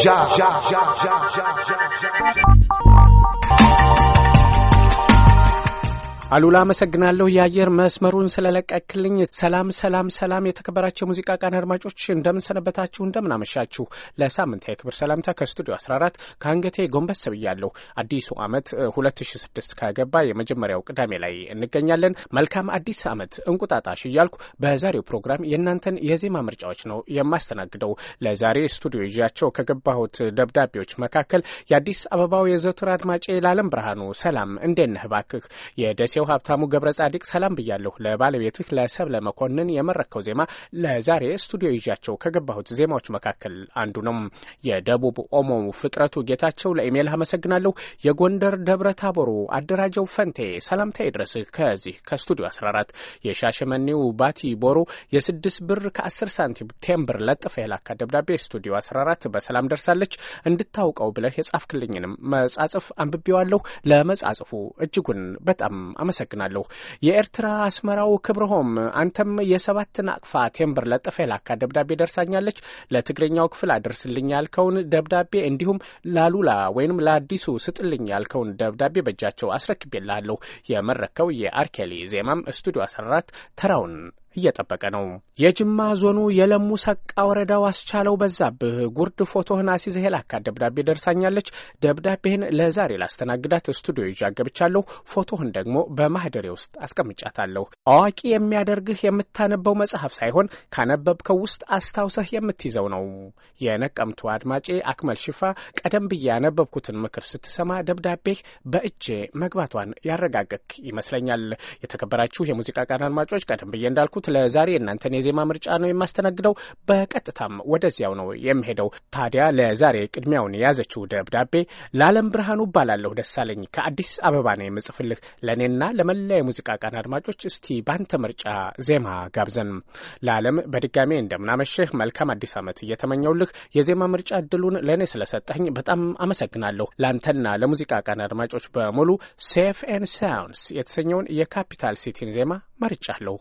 Ja, ja, ja, ja, ja, ja, ja. job. አሉላ አመሰግናለሁ የአየር መስመሩን ስለለቀክልኝ። ሰላም ሰላም ሰላም፣ የተከበራቸው የሙዚቃ ቃን አድማጮች እንደምን አመሻችሁ ለሳምንት የክብር ሰላምታ ከስቱዲዮ 14 ከአንገቴ ጎንበስ ብያለሁ። አዲሱ ዓመት 2006 ከገባ የመጀመሪያው ቅዳሜ ላይ እንገኛለን። መልካም አዲስ ዓመት እንቁጣጣሽ እያልኩ በዛሬው ፕሮግራም የእናንተን የዜማ ምርጫዎች ነው የማስተናግደው። ለዛሬ ስቱዲዮ ይዣቸው ከገባሁት ደብዳቤዎች መካከል የአዲስ አበባው የዘወትር አድማጬ ላለም ብርሃኑ ሰላም፣ እንዴት ነህ እባክህ አድማጮቻቸው ሀብታሙ ገብረ ጻዲቅ ሰላም ብያለሁ። ለባለቤትህ ለሰብለ መኮንን የመረከው ዜማ ለዛሬ ስቱዲዮ ይዣቸው ከገባሁት ዜማዎች መካከል አንዱ ነው። የደቡብ ኦሞ ፍጥረቱ ጌታቸው ለኢሜል አመሰግናለሁ። የጎንደር ደብረ ታቦሩ አደራጀው ፈንቴ ሰላምታ ይድረስህ ከዚህ ከስቱዲዮ 14 የሻሸመኔው ባቲ ቦሩ የስድስት ብር ከአስር ሳንቲም ቴምብር ለጥፈ የላካ ደብዳቤ ስቱዲዮ 14 በሰላም ደርሳለች። እንድታውቀው ብለህ የጻፍክልኝንም መጻጽፍ አንብቤዋለሁ። ለመጻጽፉ እጅጉን በጣም አመ አመሰግናለሁ። የኤርትራ አስመራው ክብርሆም አንተም የሰባት ናቅፋ ቴምብር ለጥፈ የላካ ደብዳቤ ደርሳኛለች። ለትግረኛው ክፍል አድርስልኝ ያልከውን ደብዳቤ እንዲሁም ላሉላ ወይም ለአዲሱ ስጥልኝ ያልከውን ደብዳቤ በእጃቸው አስረክቤልሃለሁ። የመረከው የአርኬሊ ዜማም ስቱዲዮ አሰራት ተራውን እየጠበቀ ነው። የጅማ ዞኑ የለሙ ሰቃ ወረዳው አስቻለው በዛብህ ጉርድ ፎቶህን አሲዝህ የላካት ደብዳቤ ደርሳኛለች። ደብዳቤህን ለዛሬ ላስተናግዳት ስቱዲዮ ይዤ አገብቻለሁ። ፎቶህን ደግሞ በማህደሬ ውስጥ አስቀምጫታለሁ። አዋቂ የሚያደርግህ የምታነበው መጽሐፍ ሳይሆን ካነበብከው ውስጥ አስታውሰህ የምትይዘው ነው። የነቀምቱ አድማጬ አክመል ሽፋ፣ ቀደም ብዬ ያነበብኩትን ምክር ስትሰማ ደብዳቤህ በእጄ መግባቷን ያረጋገክ ይመስለኛል። የተከበራችሁ የሙዚቃ ቃን አድማጮች ቀደም ብዬ እንዳልኩት ያደመጣችሁት ለዛሬ እናንተን የዜማ ምርጫ ነው የማስተናግደው። በቀጥታም ወደዚያው ነው የምሄደው ታዲያ ለዛሬ ቅድሚያውን የያዘችው ደብዳቤ ለአለም ብርሃኑ እባላለሁ ደሳለኝ ከአዲስ አበባ ነው የምጽፍልህ። ለእኔና ለመላ የሙዚቃ ቃን አድማጮች እስቲ ባንተ ምርጫ ዜማ ጋብዘን። ለአለም በድጋሜ እንደምናመሸህ መልካም አዲስ ዓመት እየተመኘውልህ የዜማ ምርጫ እድሉን ለእኔ ስለሰጠኝ በጣም አመሰግናለሁ። ለአንተና ለሙዚቃ ቃን አድማጮች በሙሉ ሴፍ ኤን ሳውንስ የተሰኘውን የካፒታል ሲቲን ዜማ መርጫለሁ።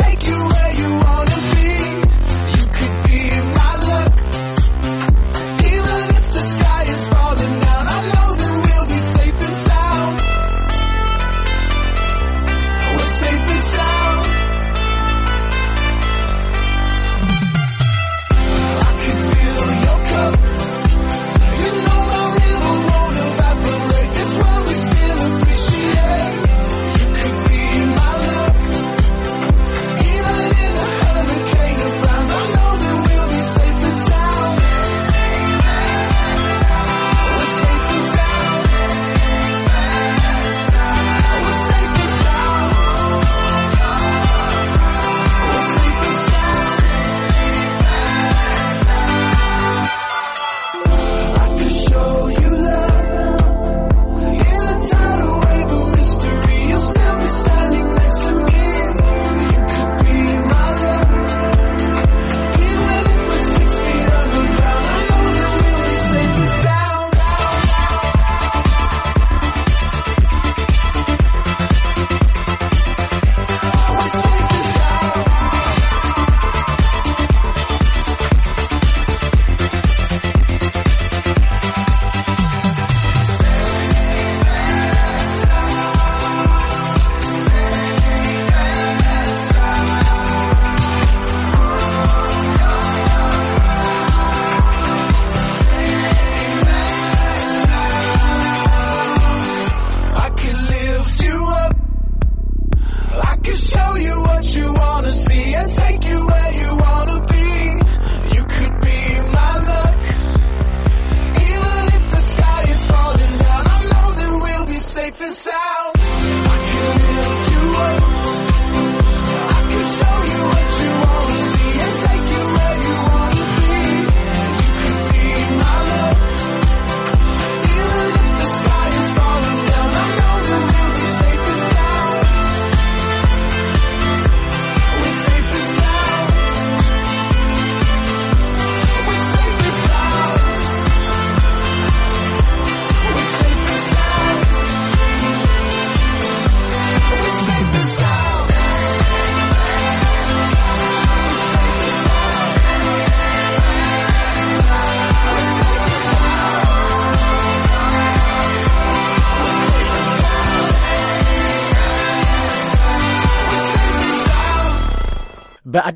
take you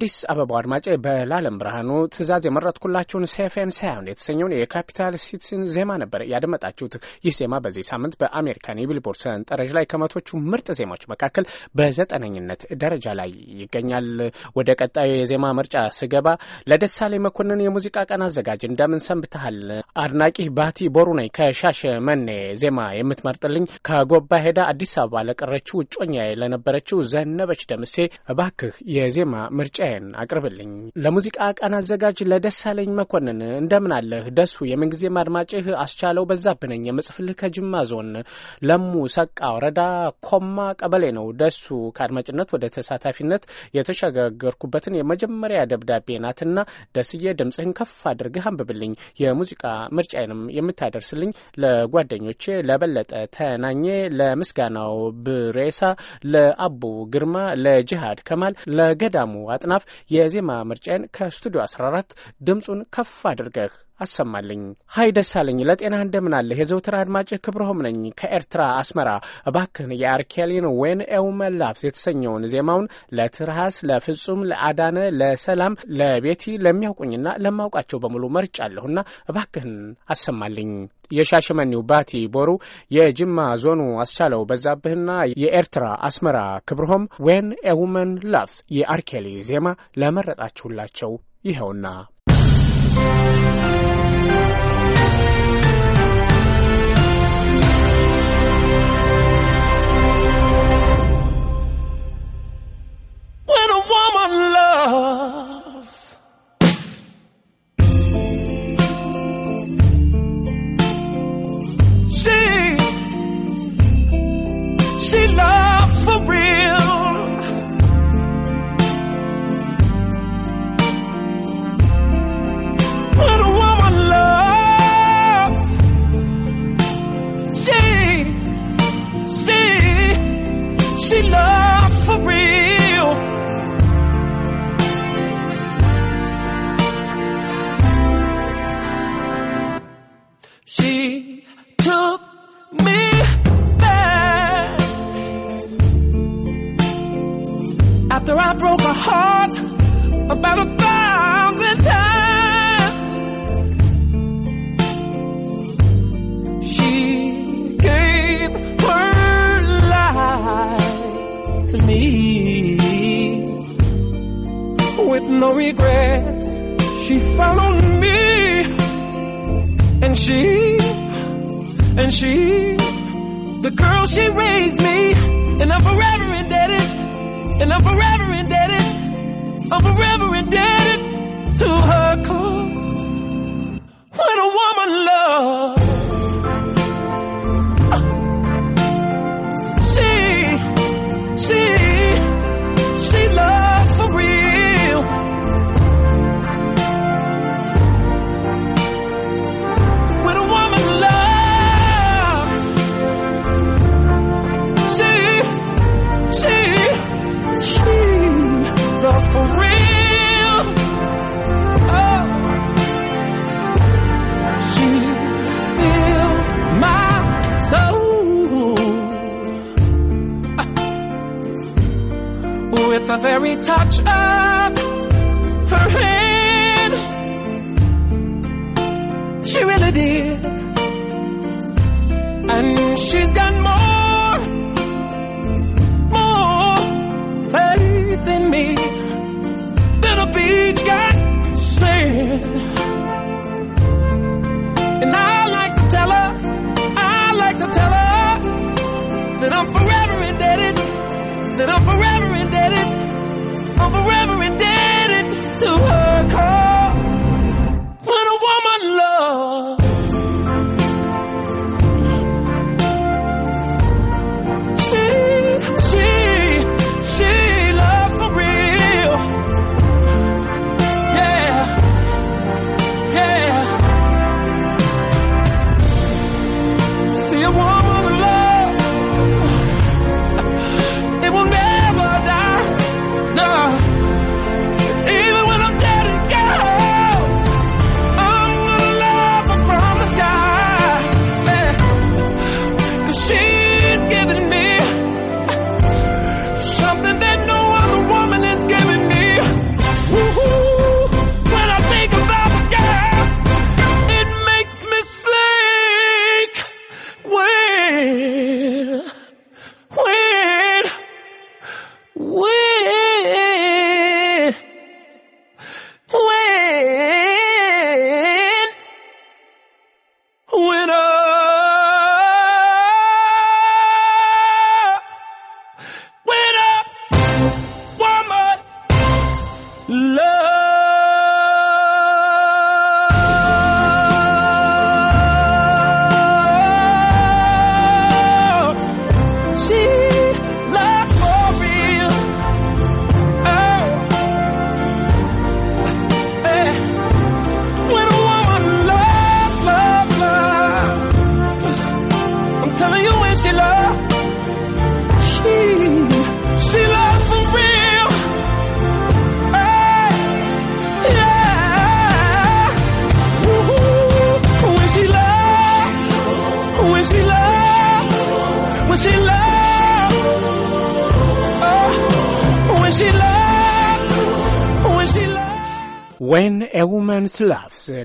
አዲስ አበባው አድማጭ በላለም ብርሃኑ ትእዛዝ የመረጥኩላችሁን ሴፌን ሳያውንድ የተሰኘውን የካፒታል ሲቲን ዜማ ነበር ያደመጣችሁት። ይህ ዜማ በዚህ ሳምንት በአሜሪካን የቢልቦርድ ሰንጠረዥ ላይ ከመቶቹ ምርጥ ዜማዎች መካከል በዘጠነኝነት ደረጃ ላይ ይገኛል። ወደ ቀጣዩ የዜማ ምርጫ ስገባ ለደሳሌ መኮንን የሙዚቃ ቀን አዘጋጅ እንደምን ሰንብተሃል? አድናቂ ባቲ ቦሩ ነኝ። መኔ ዜማ የምትመርጥልኝ ከጎባ ሄዳ አዲስ አበባ ለቀረችው ውጮኛ ለነበረችው ዘነበች ደምሴ እባክህ የዜማ ምርጫ ሙዚቃዬን አቅርብልኝ። ለሙዚቃ ቀን አዘጋጅ ለደሳለኝ መኮንን እንደምን አለህ ደሱ? የምንጊዜም አድማጭህ አስቻለው በዛብነኝ የምጽፍልህ ከጅማ ዞን ለሙ ሰቃ ወረዳ ኮማ ቀበሌ ነው። ደሱ ከአድማጭነት ወደ ተሳታፊነት የተሸጋገርኩበትን የመጀመሪያ ደብዳቤ ናትና ደስዬ ድምፅህን ከፍ አድርግህ አንብብልኝ። የሙዚቃ ምርጫዬንም የምታደርስልኝ ለጓደኞቼ ለበለጠ ተናኜ፣ ለምስጋናው ብሬሳ፣ ለአቡ ግርማ፣ ለጅሃድ ከማል፣ ለገዳሙ አጥናፍ ድጋፍ የዜማ ምርጫን ከስቱዲዮ 14 ድምፁን ከፍ አድርገህ አሰማልኝ። ሀይ ደሳለኝ ለጤና እንደምናለ የዘውትር አድማጭ ክብረሆም ነኝ ከኤርትራ አስመራ። እባክህን የአርኬሊን ዌን ኤውመላፍ የተሰኘውን ዜማውን ለትርሃስ፣ ለፍጹም፣ ለአዳነ፣ ለሰላም፣ ለቤቲ፣ ለሚያውቁኝና ለማውቃቸው በሙሉ መርጫ አለሁና እባክህን አሰማልኝ። የሻሸመኔው ባቲ ቦሩ፣ የጅማ ዞኑ አስቻለው በዛብህና የኤርትራ አስመራ ክብርሆም ዌን ኤውመን ላቭስ የአርኬሊ ዜማ ለመረጣችሁላቸው ይኸውና When a woman loves her close. the very touch of her hand. She really did. And she's got more, more faith in me than a beach got sand. And I like to tell her, I like to tell her that I'm forever indebted, that I'm forever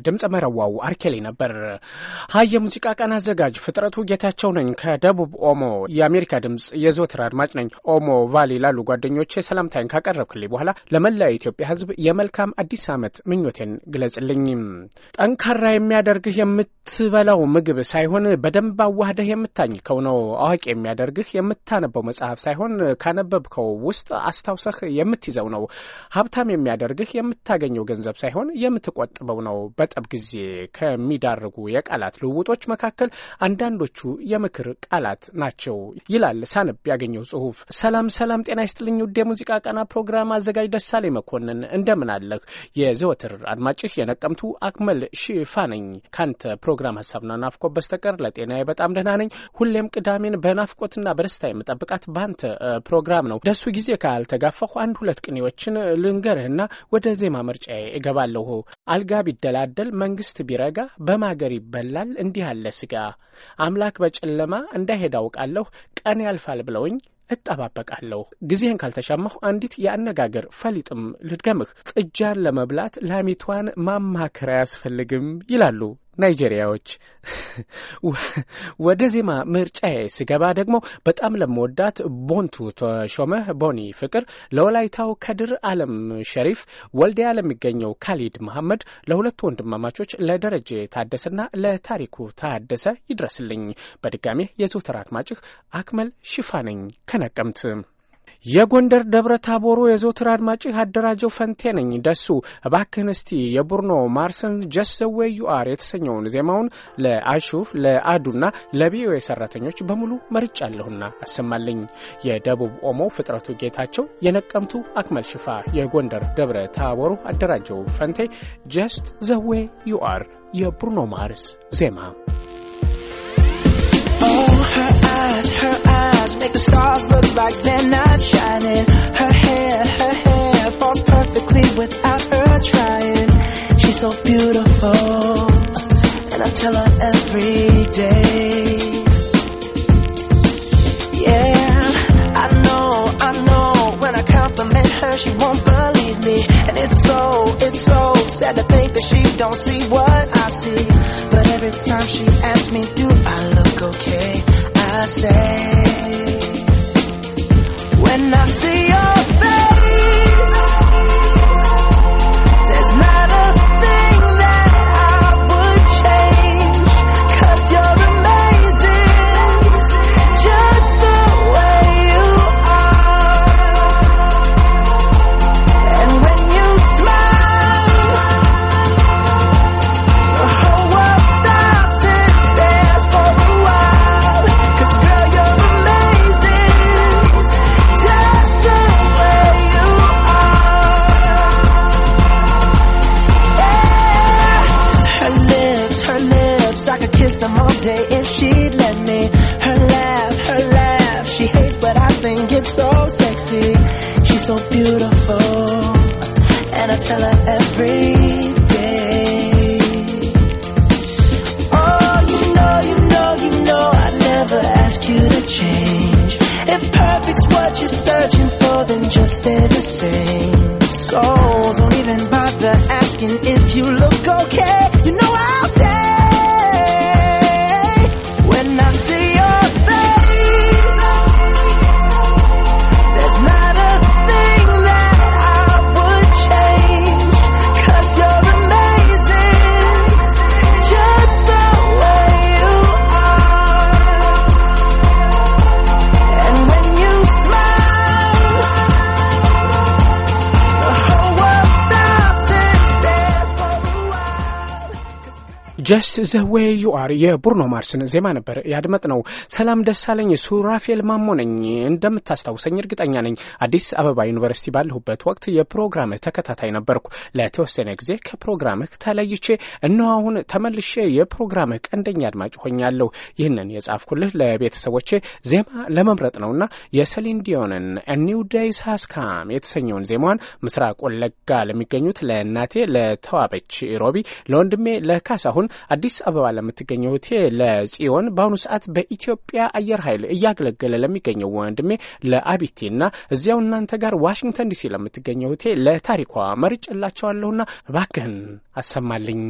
ድምፅ መረዋው አርኬሌ ነበር። ሀይ የሙዚቃ ቀን አዘጋጅ ፍጥረቱ ጌታቸው ነኝ። ከደቡብ ኦሞ የአሜሪካ ድምፅ የዘወትር አድማጭ ነኝ። ኦሞ ቫሌ ላሉ ጓደኞቼ ሰላምታይን ካቀረብክልኝ በኋላ ለመላ የኢትዮጵያ ሕዝብ የመልካም አዲስ ዓመት ምኞቴን ግለጽልኝ። ጠንካራ የሚያደርግህ የምትበላው ምግብ ሳይሆን በደንብ አዋህደህ የምታኝከው ነው። አዋቂ የሚያደርግህ የምታነበው መጽሐፍ ሳይሆን ካነበብከው ውስጥ አስታውሰህ የምትይዘው ነው። ሀብታም የሚያደርግህ የምታገኘው ገንዘብ ሳይሆን የምትቆጥበው ነው። በጠብ ጊዜ ከሚዳርጉ የቃላት ልውውጦች መካከል አንዳንዶቹ የምክር ቃላት ናቸው ይላል ሳነብ ያገኘው ጽሁፍ። ሰላም ሰላም፣ ጤና ይስጥልኝ ውድ የሙዚቃ ቀና ፕሮግራም አዘጋጅ ደሳሌ መኮንን እንደምን አለህ? የዘወትር አድማጭህ የነቀምቱ አክመል ሽፋ ነኝ። ካንተ ፕሮግራም ሀሳብና ናፍቆት በስተቀር ለጤናዬ በጣም ደህና ነኝ። ሁሌም ቅዳሜን በናፍቆትና በደስታ የምጠብቃት በአንተ ፕሮግራም ነው። ደሱ ጊዜ ካልተጋፋሁ አንድ ሁለት ቅኔዎችን ልንገርህና ወደ ዜማ መርጫ እገባለሁ። አልጋ ቢደላ ሲደላደል መንግስት ቢረጋ በማገር ይበላል። እንዲህ አለ ስጋ አምላክ በጨለማ እንዳይሄድ አውቃለሁ። ቀን ያልፋል ብለውኝ እጠባበቃለሁ። ጊዜህን ካልተሻማሁ አንዲት የአነጋገር ፈሊጥም ልድገምህ። ጥጃን ለመብላት ላሚቷን ማማከር አያስፈልግም ይላሉ ናይጄሪያዎች ወደ ዜማ ምርጫዬ ስገባ ደግሞ በጣም ለመወዳት ቦንቱ ተሾመ ቦኒ ፍቅር፣ ለወላይታው ከድር አለም ሸሪፍ፣ ወልዲያ ለሚገኘው ካሊድ መሐመድ፣ ለሁለቱ ወንድማማቾች ለደረጀ ታደሰና ለታሪኩ ታደሰ ይድረስልኝ። በድጋሜ የትዊተር አድማጭህ አክመል ሽፋ ነኝ ከነቀምት። የጎንደር ደብረ ታቦሮ የዘውትር አድማጭ አደራጀው ፈንቴ ነኝ። ደሱ እባክህን እስቲ የቡርኖ ማርስን ጀሰዌ ዩአር የተሰኘውን ዜማውን ለአሹፍ ለአዱና ለቪኦኤ ሰራተኞች በሙሉ መርጫ አለሁና አሰማልኝ። የደቡብ ኦሞ ፍጥረቱ ጌታቸው፣ የነቀምቱ አክመል ሽፋ፣ የጎንደር ደብረ ታቦሮ አደራጀው ፈንቴ ጀስት ዘዌ ዩአር የቡርኖ ማርስ ዜማ eyes make the stars look like they're not shining. Her hair, her hair falls perfectly without her trying. She's so beautiful, and I tell her every day. Yeah, I know, I know. When I compliment her, she won't believe me, and it's so, it's so sad to think that she don't see what I see. But every time she asks me, do I look okay? I say when I see ጀስት ዘ ዌይ ዩ አር የቡርኖ ማርስን ዜማ ነበር ያድመጥ ነው። ሰላም ደሳለኝ ሱራፌል ማሞ ነኝ። እንደምታስታውሰኝ እርግጠኛ ነኝ አዲስ አበባ ዩኒቨርሲቲ ባለሁበት ወቅት የፕሮግራምህ ተከታታይ ነበርኩ። ለተወሰነ ጊዜ ከፕሮግራምህ ተለይቼ እነሆ አሁን ተመልሼ የፕሮግራምህ ቀንደኛ አድማጭ ሆኛለሁ። ይህንን የጻፍኩልህ ለቤተሰቦቼ ዜማ ለመምረጥ ነውና የሰሊን ዲዮንን ኒው ዴይስ ሃስካም የተሰኘውን ዜማዋን ምስራቅ ወለጋ ለሚገኙት ለእናቴ ለተዋበች ሮቢ፣ ለወንድሜ ለካሳሁን አዲስ አበባ ለምትገኘው ሆቴል ለጽዮን በአሁኑ ሰዓት በኢትዮጵያ አየር ኃይል እያገለገለ ለሚገኘው ወንድሜ ለአቢቴና እዚያው እናንተ ጋር ዋሽንግተን ዲሲ ለምትገኘው ሆቴል ለታሪኳ መርጬላቸዋለሁና እባክህን አሰማልኝ።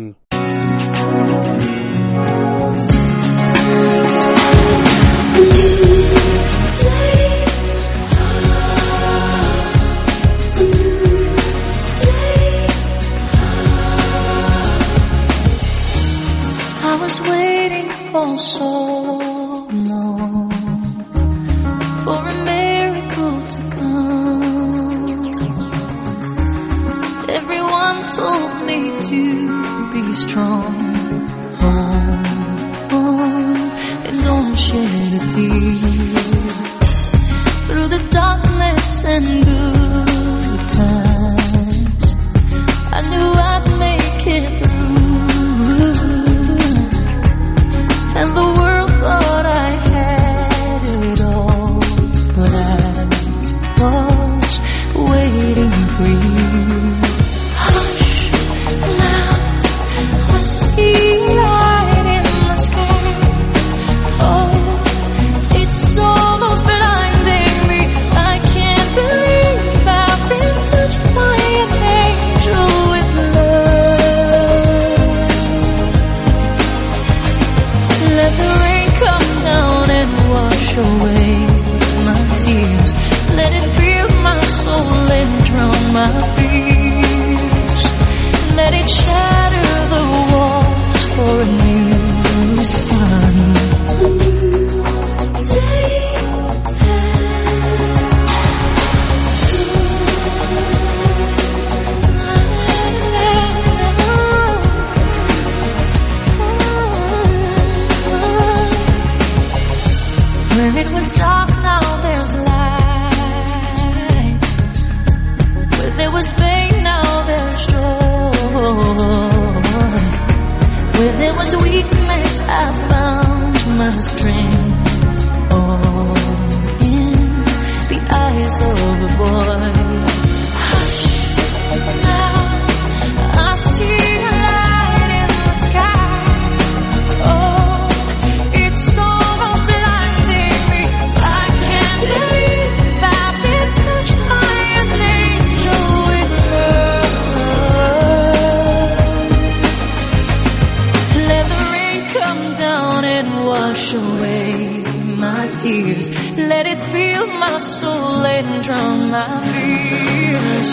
my soul and drown my fears.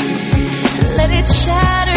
Let it shatter.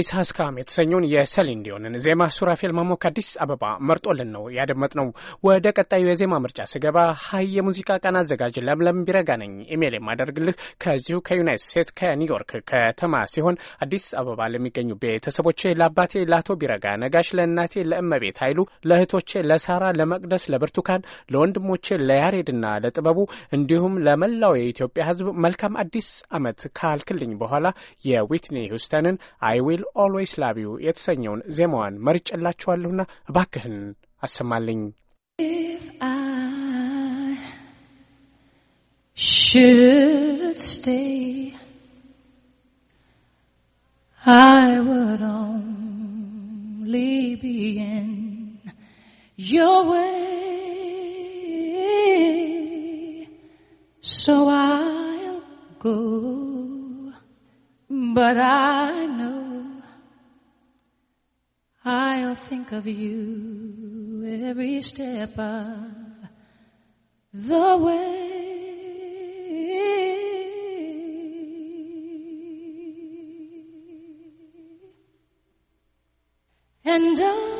ሬይስ ሀስካም የተሰኘውን የሰሊን ዲዮንን ዜማ ሱራፌል ማሞ ከአዲስ አበባ መርጦልን ነው ያደመጥነው። ወደ ቀጣዩ የዜማ ምርጫ ስገባ ሀይ የሙዚቃ ቀን አዘጋጅ ለምለም ቢረጋ ነኝ። ኢሜል የማደርግልህ ከዚሁ ከዩናይት ስቴትስ ከኒውዮርክ ከተማ ሲሆን አዲስ አበባ ለሚገኙ ቤተሰቦቼ፣ ለአባቴ ለአቶ ቢረጋ ነጋሽ፣ ለእናቴ ለእመቤት ኃይሉ፣ ለእህቶቼ ለሳራ፣ ለመቅደስ፣ ለብርቱካን፣ ለወንድሞቼ ለያሬድና ለጥበቡ እንዲሁም ለመላው የኢትዮጵያ ሕዝብ መልካም አዲስ አመት ካልክልኝ በኋላ የዊትኒ ሁስተንን አይ ዊል ኦልዌይስ ላቭ ዩ የተሰኘውን ዜማዋን መርጬላችኋለሁና እባክህን አሰማልኝ። Should stay, I would only be in your way, so I'll go, but I know I'll think of you every step of the way. And I oh,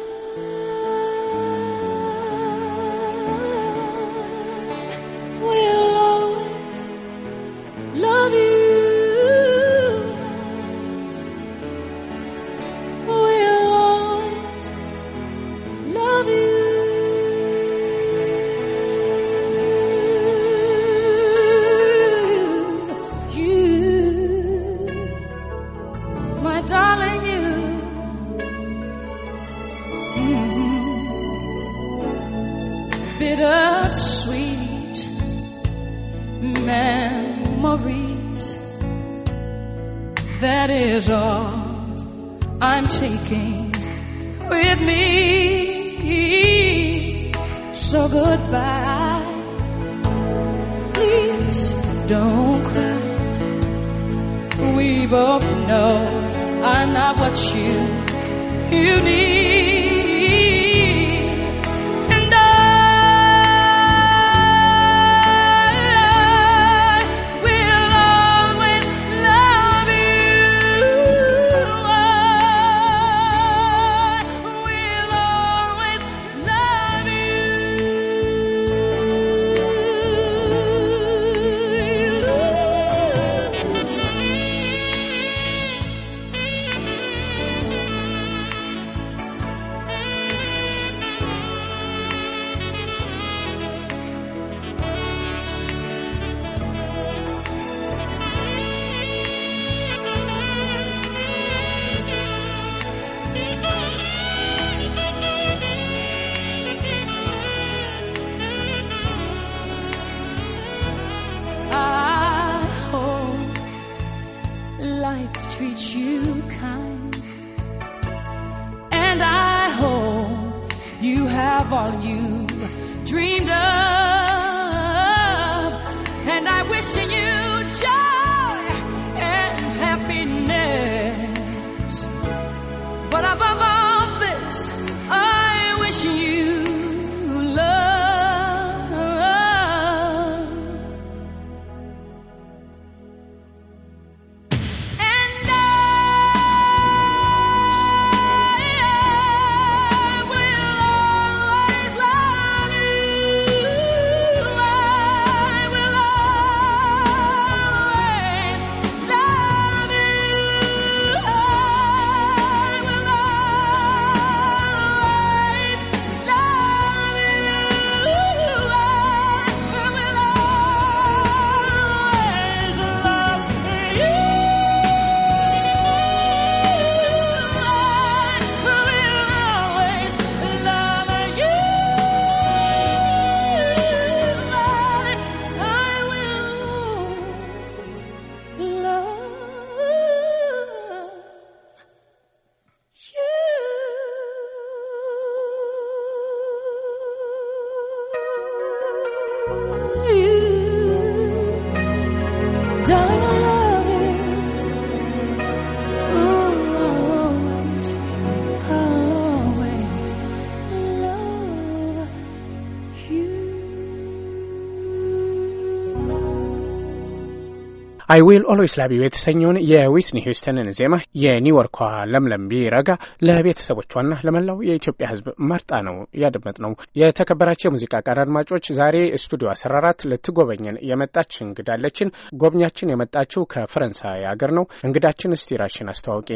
አይ ዊል ኦልዌይስ ላቭ ዩ የተሰኘውን የዊትኒ ሂውስተንን ዜማ የኒውዮርኳ ለምለም ቢረጋ ለቤተሰቦቿና ለመላው የኢትዮጵያ ሕዝብ መርጣ ነው ያደመጥ ነው። የተከበራቸው የሙዚቃ ቃር አድማጮች ዛሬ ስቱዲዮ አስራ አራት ልትጎበኘን የመጣች እንግዳለችን። ጎብኛችን የመጣችው ከፈረንሳይ ሀገር ነው። እንግዳችን እስቲ ራሽን አስተዋውቂ።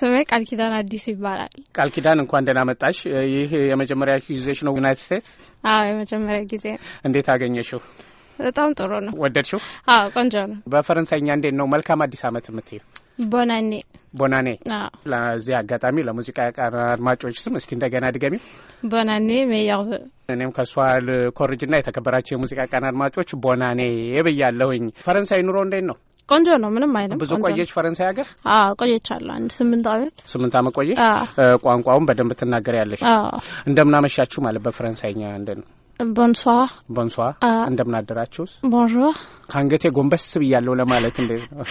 ስሜ ቃል ኪዳን አዲስ ይባላል። ቃል ኪዳን እንኳን ደህና መጣሽ። ይህ የመጀመሪያ ጊዜሽ ነው ዩናይትድ ስቴትስ? አዎ የመጀመሪያ ጊዜ። እንዴት አገኘሽው? በጣም ጥሩ ነው። ወደድሽው? አዎ ቆንጆ ነው። በፈረንሳይኛ እንዴት ነው መልካም አዲስ አመት የምትይው? ቦናኔ ቦናኔ። ለዚህ አጋጣሚ ለሙዚቃ ቃና አድማጮች ስም እስቲ እንደገና ድገሚ። ቦናኔ ሜያር። እኔም ከእሷ ልኮርጅና የተከበራቸው የሙዚቃ ቃና አድማጮች ቦናኔ ብያለሁኝ። ፈረንሳይ ኑሮ እንዴት ነው? ቆንጆ ነው። ምንም አይልም። ብዙ ቆየች ፈረንሳይ ሀገር? አዎ ቆየቻለሁ። አንድ ስምንት አመት ስምንት አመት ቆየች። ቋንቋውን በደንብ ትናገር ያለች እንደምናመሻችሁ ማለት በፈረንሳይኛ እንደ ነው ቦንሷር ቦንሷር፣ እንደምናደራችሁስ? ቦንዦር። ከአንገቴ ጎንበስ ብያለሁ ለማለት እንዴት ነው?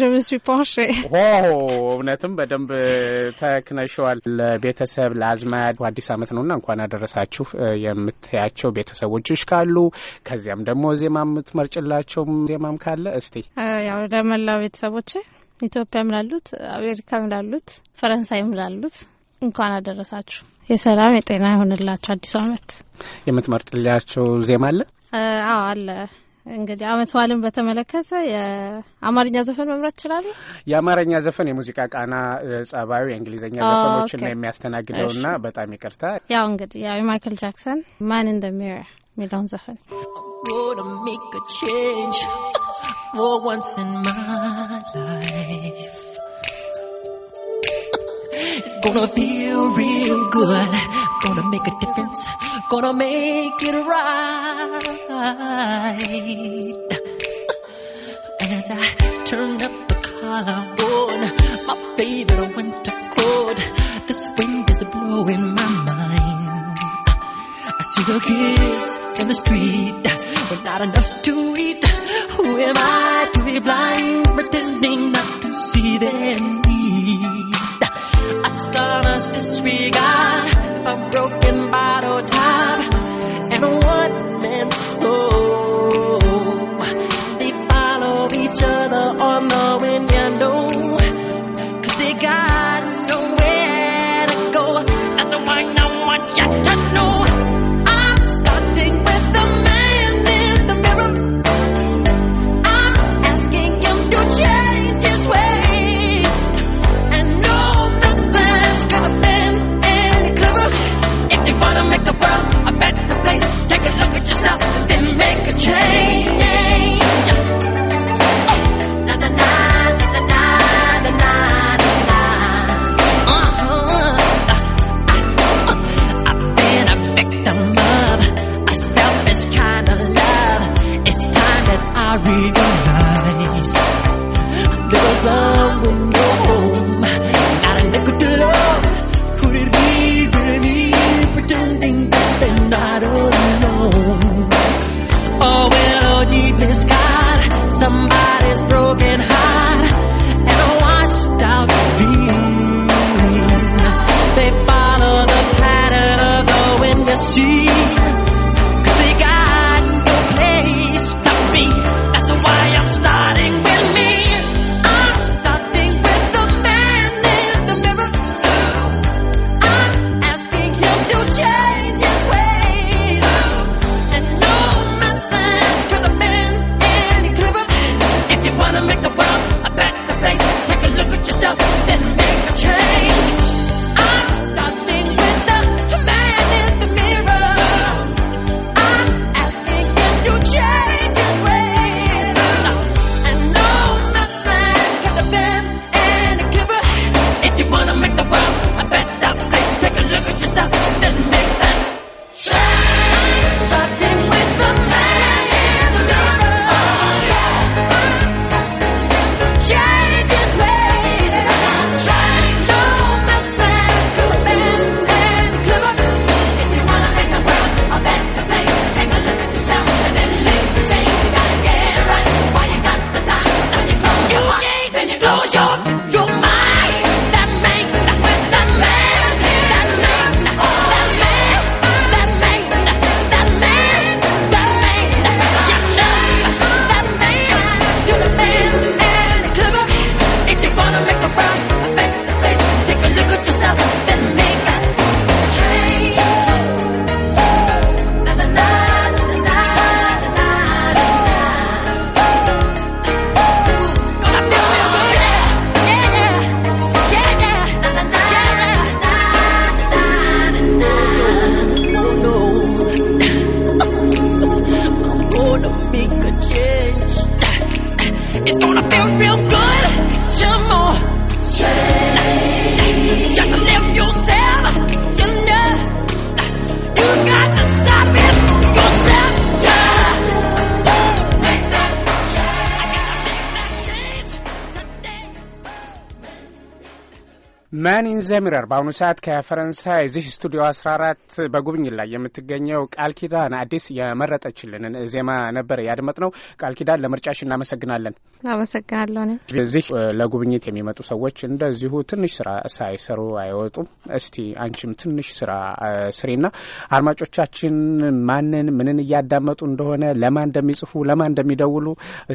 ጀምስ ፖንሽ ሆ እውነትም በደንብ ተክነሸዋል። ለቤተሰብ ለአዝማድ አዲስ አመት ነውና እንኳን አደረሳችሁ የምትያቸው ቤተሰቦችሽ ካሉ ከዚያም ደግሞ ዜማ የምትመርጭላቸው ዜማም ካለ እስቲ ያው ለመላው ቤተሰቦች ኢትዮጵያም ላሉት አሜሪካም ላሉት ፈረንሳይም ላሉት እንኳን አደረሳችሁ። የሰላም የጤና ይሆንላቸው አዲሱ አመት። የምትመርጥልያቸው ዜማ አለ? አዎ አለ። እንግዲህ አመት በዓልን በተመለከተ የአማርኛ ዘፈን መምረጥ ይችላሉ። የአማርኛ ዘፈን የሙዚቃ ቃና ጸባዩ የእንግሊዝኛ ዘፈኖችን ነው የሚያስተናግደው ና በጣም ይቅርታ። ያው እንግዲህ ያው የማይክል ጃክሰን ማን ኢን ዘ ሚረር የሚለውን ዘፈን for once in my life It's gonna feel real good. Gonna make a difference. Gonna make it right. As I turn up the collarbone, my favorite winter coat. This wind is blowing my mind. I see the kids in the street, but not enough to eat. Who am I to be blind, pretending not to see them? እግዚአብሔር በአሁኑ ሰዓት ከፈረንሳይ እዚህ ስቱዲዮ አስራ አራት በጉብኝት ላይ የምትገኘው ቃል ኪዳን አዲስ የመረጠችልንን ዜማ ነበር ያድመጥ ነው። ቃል ኪዳን ለምርጫሽ እናመሰግናለን። አመሰግናለሁ። እዚህ ለጉብኝት የሚመጡ ሰዎች እንደዚሁ ትንሽ ስራ ሳይሰሩ አይወጡም። እስቲ አንቺም ትንሽ ስራ ስሪና አድማጮቻችን ማንን ምንን እያዳመጡ እንደሆነ ለማን እንደሚጽፉ ለማን እንደሚደውሉ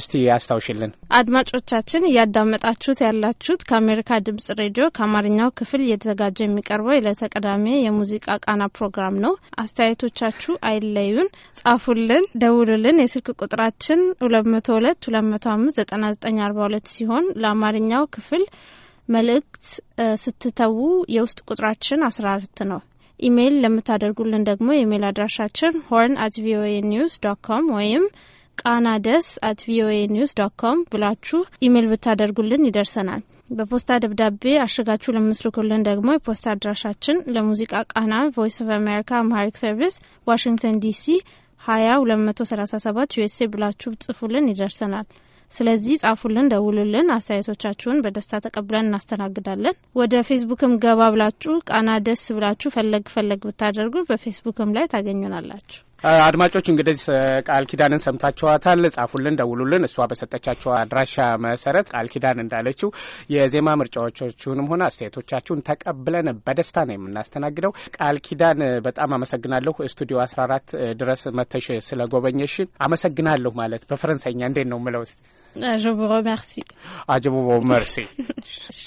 እስቲ አስታውሽልን። አድማጮቻችን እያዳመጣችሁት ያላችሁት ከአሜሪካ ድምጽ ሬዲዮ ከአማርኛው ክፍል የተዘጋ እየተዘጋጀ የሚቀርበው የዕለተ ቅዳሜ የሙዚቃ ቃና ፕሮግራም ነው። አስተያየቶቻችሁ አይለዩን፣ ጻፉልን፣ ደውሉልን። የስልክ ቁጥራችን ሁለት መቶ ሁለት ሁለት መቶ አምስት ዘጠና ዘጠኝ አርባ ሁለት ሲሆን ለአማርኛው ክፍል መልእክት ስትተዉ የውስጥ ቁጥራችን አስራ አራት ነው። ኢሜይል ለምታደርጉልን ደግሞ የኢሜይል አድራሻችን ሆርን አት ቪኦኤ ኒውስ ዶት ኮም ወይም ቃና ደስ አት ቪኦኤ ኒውስ ዶት ኮም ብላችሁ ኢሜይል ብታደርጉልን ይደርሰናል። በፖስታ ደብዳቤ አሽጋችሁ ለምትልኩልን ደግሞ የፖስታ አድራሻችን ለሙዚቃ ቃና ቮይስ ኦፍ አሜሪካ አምሃሪክ ሰርቪስ ዋሽንግተን ዲሲ ሀያ ሁለት መቶ ሰላሳ ሰባት ዩኤስኤ ብላችሁ ጽፉልን ይደርሰናል። ስለዚህ ጻፉልን፣ ደውሉልን። አስተያየቶቻችሁን በደስታ ተቀብለን እናስተናግዳለን። ወደ ፌስቡክም ገባ ብላችሁ ቃና ደስ ብላችሁ ፈለግ ፈለግ ብታደርጉ በፌስቡክም ላይ ታገኙናላችሁ። አድማጮች እንግዲህ ቃል ኪዳንን ሰምታችኋታል። ጻፉልን፣ ደውሉልን። እሷ በሰጠቻቸው አድራሻ መሰረት ቃል ኪዳን እንዳለችው የዜማ ምርጫዎቻችሁንም ሆነ አስተያየቶቻችሁን ተቀብለን በደስታ ነው የምናስተናግደው። ቃል ኪዳን በጣም አመሰግናለሁ። ስቱዲዮ አስራ አራት ድረስ መተሽ ጎበኘሽ አመሰግናለሁ። ማለት በፈረንሳይኛ እንዴት ነው ምለው? አጀቡቦ መርሲ፣ አጀቡቦ መርሲ።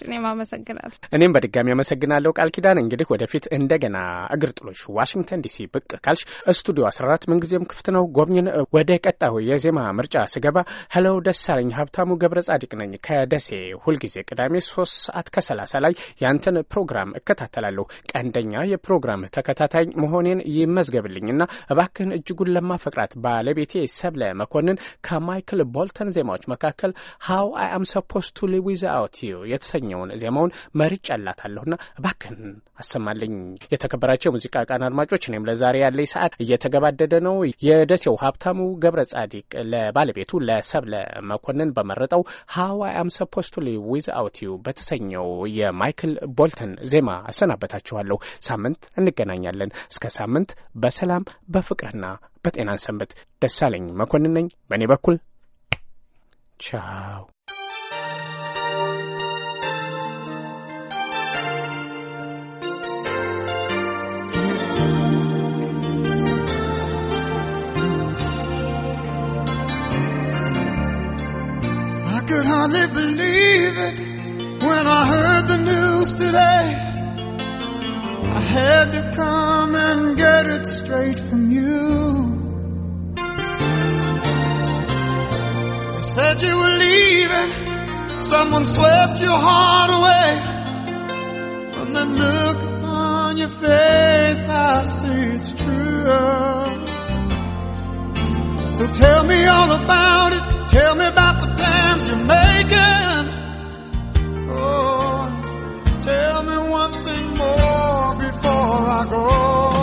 እኔም አመሰግናለሁ። እኔም በድጋሚ አመሰግናለሁ ቃል ኪዳን። እንግዲህ ወደፊት እንደገና እግር ጥሎሽ ዋሽንግተን ዲሲ ብቅ ካልሽ ስቱዲዮ አራት ምንጊዜም ክፍት ነው። ጎብኝን። ወደ ቀጣዩ የዜማ ምርጫ ስገባ ሀለው ደሳለኝ ሀብታሙ ገብረ ጻዲቅ ነኝ ከደሴ። ሁልጊዜ ቅዳሜ ሶስት ሰዓት ከሰላሳ ላይ ያንተን ፕሮግራም እከታተላለሁ። ቀንደኛ የፕሮግራም ተከታታይ መሆኔን ይመዝገብልኝና እባክህን እጅጉን ለማፈቅራት ባለቤቴ ሰብለ መኮንን ከማይክል ቦልተን ዜማዎች መካከል ሀው አይ አም ሰፖስ ቱ ሊቭ ዊዝአውት ዩ የተሰኘውን ዜማውን መርጫ ላታለሁና እባክህን አሰማልኝ። የተከበራቸው የሙዚቃ ቃን አድማጮች እኔም ለዛሬ ያለኝ ሰዓት እየተገባ እየተገባደደ ነው። የደሴው ሀብታሙ ገብረ ጻዲቅ ለባለቤቱ ለሰብለ መኮንን በመረጠው ሀዋይ አም ሰፖስትሊ ዊዝ አውት ዩ በተሰኘው የማይክል ቦልተን ዜማ አሰናበታችኋለሁ። ሳምንት እንገናኛለን። እስከ ሳምንት በሰላም በፍቅርና በጤናን ሰንበት። ደሳለኝ መኮንን ነኝ። በእኔ በኩል ቻው። hardly believe it when I heard the news today. I had to come and get it straight from you. They said you were leaving. Someone swept your heart away. From that look on your face, I see it's true. So tell me all about it. Tell me about the friends you Oh, tell me one thing more before I go.